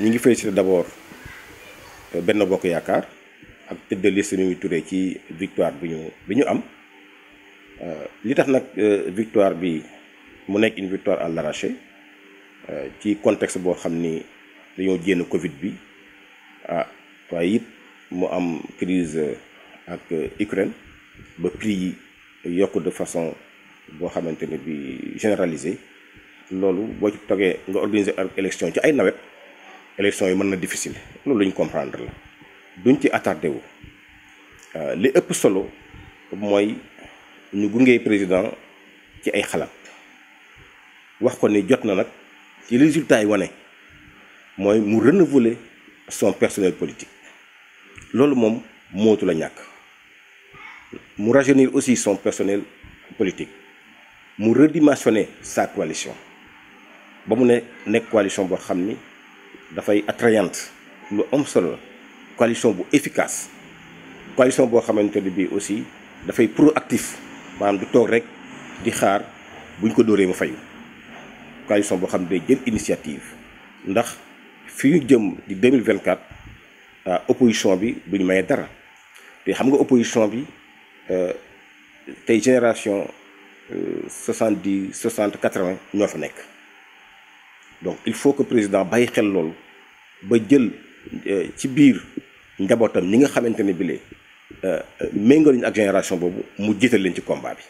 ñu ngi féliciter d'abord abord euh, benn bokk yaakaar ak tête de liste mi ngi turee ci victoire bi ñu bi ñu am euh, li tax nag euh, victoire bi mu nekk une victoire à l'arraché ci contexte boo xam ni dañoo jénn Covid bi ah waaye it mu am crise ak Ukraine ba prix yi yokk de façon boo xamante ne bi généralisée loolu boo ci toggee nga organiser ak élection ci ay nawet élection yi mën difficile loolu luñ comprendre la duñ ci attardé wu euh, li ëpp solo mooy ñu gunge président ci ay xalaat wax ko ni jot na nag ci résultat yi wane mooy mu renouveler son personnel politique loolu moom mootu la ñàkk mu rajeunir aussi son personnel politique mu redimensionner sa coalition ba mu ne une coalition boo dafay attrayante lu homme solo coalition bu efficace coalition bo xamante ne aussi dafay proactif madame du toog rek di xaar buñ ko dóoree mu fayu coalition bo xam ne day initiative ndax fi jëm di 2024 ah opposition bi buñ maye dara te xam nga opposition bi euh, tey génération 70 60 80 ñoo nek donc il faut que président Baye xel loolu ba jël euh, ci biir njabootam ni nga xamanteni bi lé euh nañu ak génération bobu mu jiital leen ci combat bi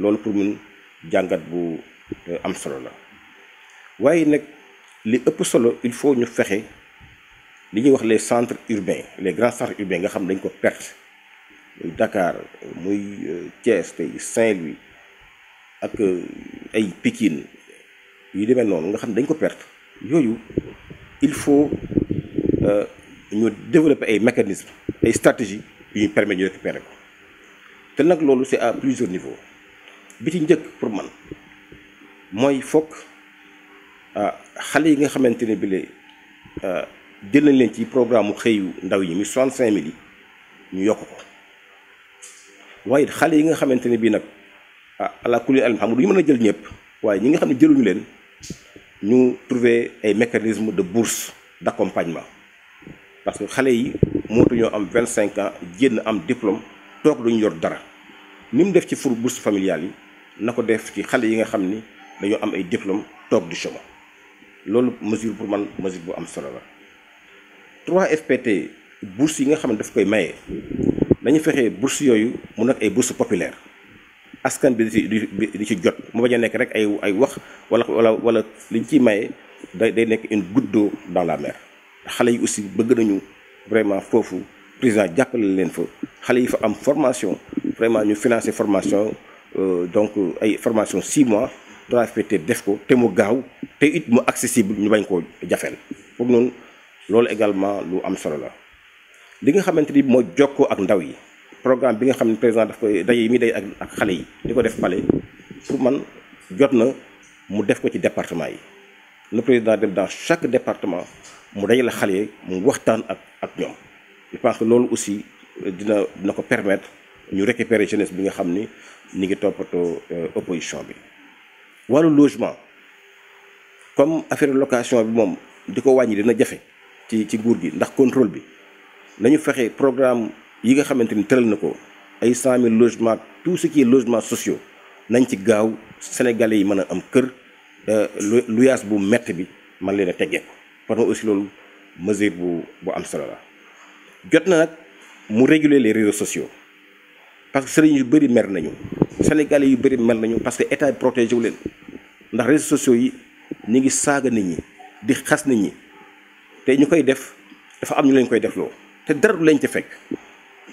loolu pour mun jangat bu euh, am solo la waye nak li ëpp solo il faut ñu fexé li ñuy wax les centres urbains les grands centres urbains nga xam dañ ko perte Dakar muy euh, Thiès tey Saint-Louis ak ay Pikine yu demee noonu nga xam dañ ko perte yooyu il faut euh, ñu développer ay mécanismes ay stratégies yu ñu permettre ñu récupérer ko te nag loolu c'est à plusieurs niveaux bi ci njëkk pour man mooy fokk euh, xale yi nga xamante ne bile euh, jël nañ leen ci programme mu xëyu ndaw yi mi 65000 yi ñu yokk ko waaye xale yi nga xamante ne bii nag ah ala kulli alim xam nga du ñu mën a jël ñëpp waaye ñi nga xam ne jëluñu leen. ñu trouver ay mécanismes de bourse d'accompagnement parce que xale yi mootuñoo am vingt cinq ans génn am diplôme toog duñu yor dara ni mu def ci fur bourse familiale yi na ko def ci xale yi nga xam ni dañoo am ay diplôme toog di chômage loolu mesure pour man mesure bu am solo la 3FPT bourse yi nga xam ne daf koy maye dañu fexe bourse yooyu mu nekk ay bourse populaire askan bi di di ci jot mu bañ nek rek ay ay wax wala wala wala liñ ci maye day day nekk une goutte dans la mer xalé yi aussi bëgg nañu vraiment fofu président jàppale leen fa xalé yi fa am formation vraiment ñu financer formation euh, donc euh, ay formation 6 mois 3FPT def ko té mu gaaw té it mu accessible ñu bañ ko jafel foog noonu lool également lu am solo la li nga xamanteni mo moo ak ndaw yi programme bi nga xam ne président daf koy daje yi muy day ak ak xale yi di ko def palais pour man jot na mu def ko ci département yi le président dem dans chaque département mu dajale xale yi mu waxtaan ak ak ñoom je pense que loolu aussi dina dina ko permettre ñu récupérer jeunesse bi nga xam ni ñu ngi toppatoo euh, opposition bi wàllu logement comme affaire location bi moom di ko wàññi dina jafe ci ci nguur gi ndax contrôle bi nañu fexe programme yi nga xamante ni tëral na ko ay cent mille logements tout ce qui est logements sociaux nañ ci gaaw sénégalais yi mën a am kër euh, luyaas bu métti bi man leen a teggee ko parce que aussi loolu mesure bu bu am solo la jot na mu réguler les réseaux sociaux parce que sëriñ yu bëri mer nañu sénégalais yu bëri mer nañu parce que état bi wu leen ndax réseaux sociaux yi ñu ngi saaga nit ñi di xas nit ñi te ñu koy def dafa am ñu leen koy def loo te dara du leen ci fekk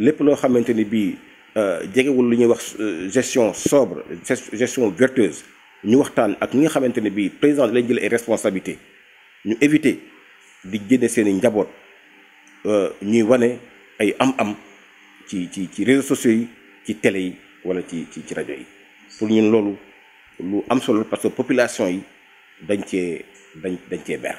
lépp loo xamante ni bii euh, jegewul lu ñuy wax euh, gestion sobre gestion vertueuse ñu waxtaan ak ñi nga xamante ne bii président lay jël ay responsabilité ñu éviter di génne seen i njaboot euh, ñuy wane ay am-am ci ci ci réseaux sociaux yi ci télé yi wala ci ci ci rajo yi pour ñun loolu lu am solo parce que population yi dañ cee dañ dañ cee ber